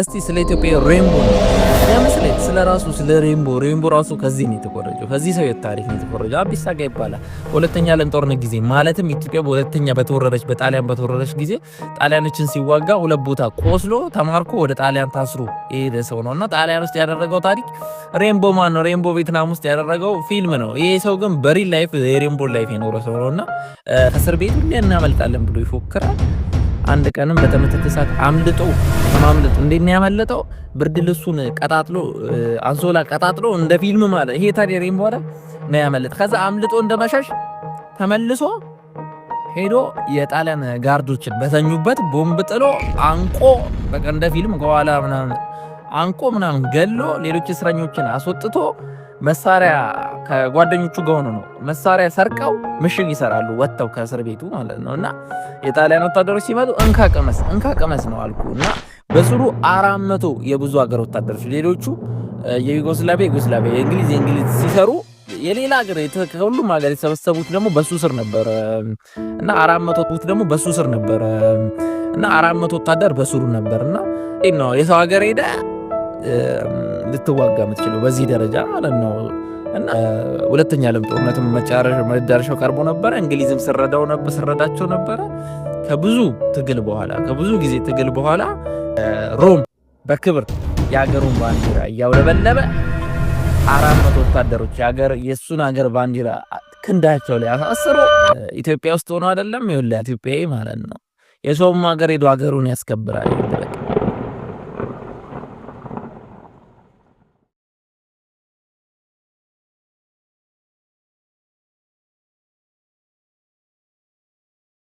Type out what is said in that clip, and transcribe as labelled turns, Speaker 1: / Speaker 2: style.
Speaker 1: እስቲ ስለ ኢትዮጵያ ሬንቦ ነው ለምሳሌ ስለ ራሱ ስለ ሬንቦ ሬንቦ ራሱ ከዚህ ነው የተቆረጀው፣ ከዚህ ሰው ታሪክ ነው የተቆረጀው። አቢስ አጋ ይባላል። ሁለተኛ ዓለም ጦርነት ጊዜ ማለትም ኢትዮጵያ በሁለተኛ በተወረረች በጣሊያን በተወረረች ጊዜ ጣሊያኖችን ሲዋጋ ሁለት ቦታ ቆስሎ ተማርኮ ወደ ጣሊያን ታስሮ የሄደ ሰው ነው እና ጣሊያን ውስጥ ያደረገው ታሪክ ሬንቦ ማን ነው ሬንቦ ቬትናም ውስጥ ያደረገው ፊልም ነው። ይሄ ሰው ግን በሪል ላይፍ የሬንቦ ላይፍ የኖረ ሰው ነው እና ከእስር ቤት ሁሌ እናመልጣለን ብሎ ይፎክራል። አንድ ቀንም በተመተተ ሰዓት አምልጦ ከማምለጥ እንዴት ነው ያመለጠው? ብርድ ልብሱን ቀጣጥሎ አንሶላ ቀጣጥሎ እንደ ፊልም ማለት ይሄ ታዲያ ሬም በኋላ ነው ያመለጠ። ከዛ አምልጦ እንደመሸሽ ተመልሶ ሄዶ የጣሊያን ጋርዶችን በተኙበት ቦምብ ጥሎ አንቆ በቃ እንደ ፊልም ከኋላ ምናምን አንቆ ምናምን ገሎ ሌሎች እስረኞችን አስወጥቶ መሳሪያ ከጓደኞቹ ጋር ነው መሳሪያ ሰርቀው ምሽግ ይሰራሉ፣ ወጥተው ከእስር ቤቱ ማለት ነው። እና የጣሊያን ወታደሮች ሲመጡ እንካ ቀመስ እንካ ቀመስ ነው አልኩ እና በስሩ አራት መቶ የብዙ ሀገር ወታደሮች ሌሎቹ የዩጎስላቪያ ዩጎስላቪያ የእንግሊዝ የእንግሊዝ ሲሰሩ የሌላ ሀገር ከሁሉም ሀገር የተሰበሰቡት ደግሞ በሱ ስር ነበረ እና አራት መቶ ደግሞ በሱ ስር ነበረ እና አራት መቶ ወታደር በስሩ ነበር እና ነው የሰው ሀገር ሄደ ልትዋጋ የምትችለው በዚህ ደረጃ ማለት ነው። እና ሁለተኛ ዓለም ጦርነትም መዳረሻው ቀርቦ ነበረ። እንግሊዝም ስረዳው ስረዳቸው ነበረ። ከብዙ ትግል በኋላ ከብዙ ጊዜ ትግል በኋላ ሮም በክብር የሀገሩን ባንዲራ እያውለበለበ አራት መቶ ወታደሮች የሀገር የእሱን ሀገር ባንዲራ ክንዳቸው ላይ አሳስሮ ኢትዮጵያ ውስጥ ሆኖ አይደለም ይኸውልህ ኢትዮጵያ ማለት ነው የሰውም ሀገር ሄዶ ሀገሩን ያስከብራል።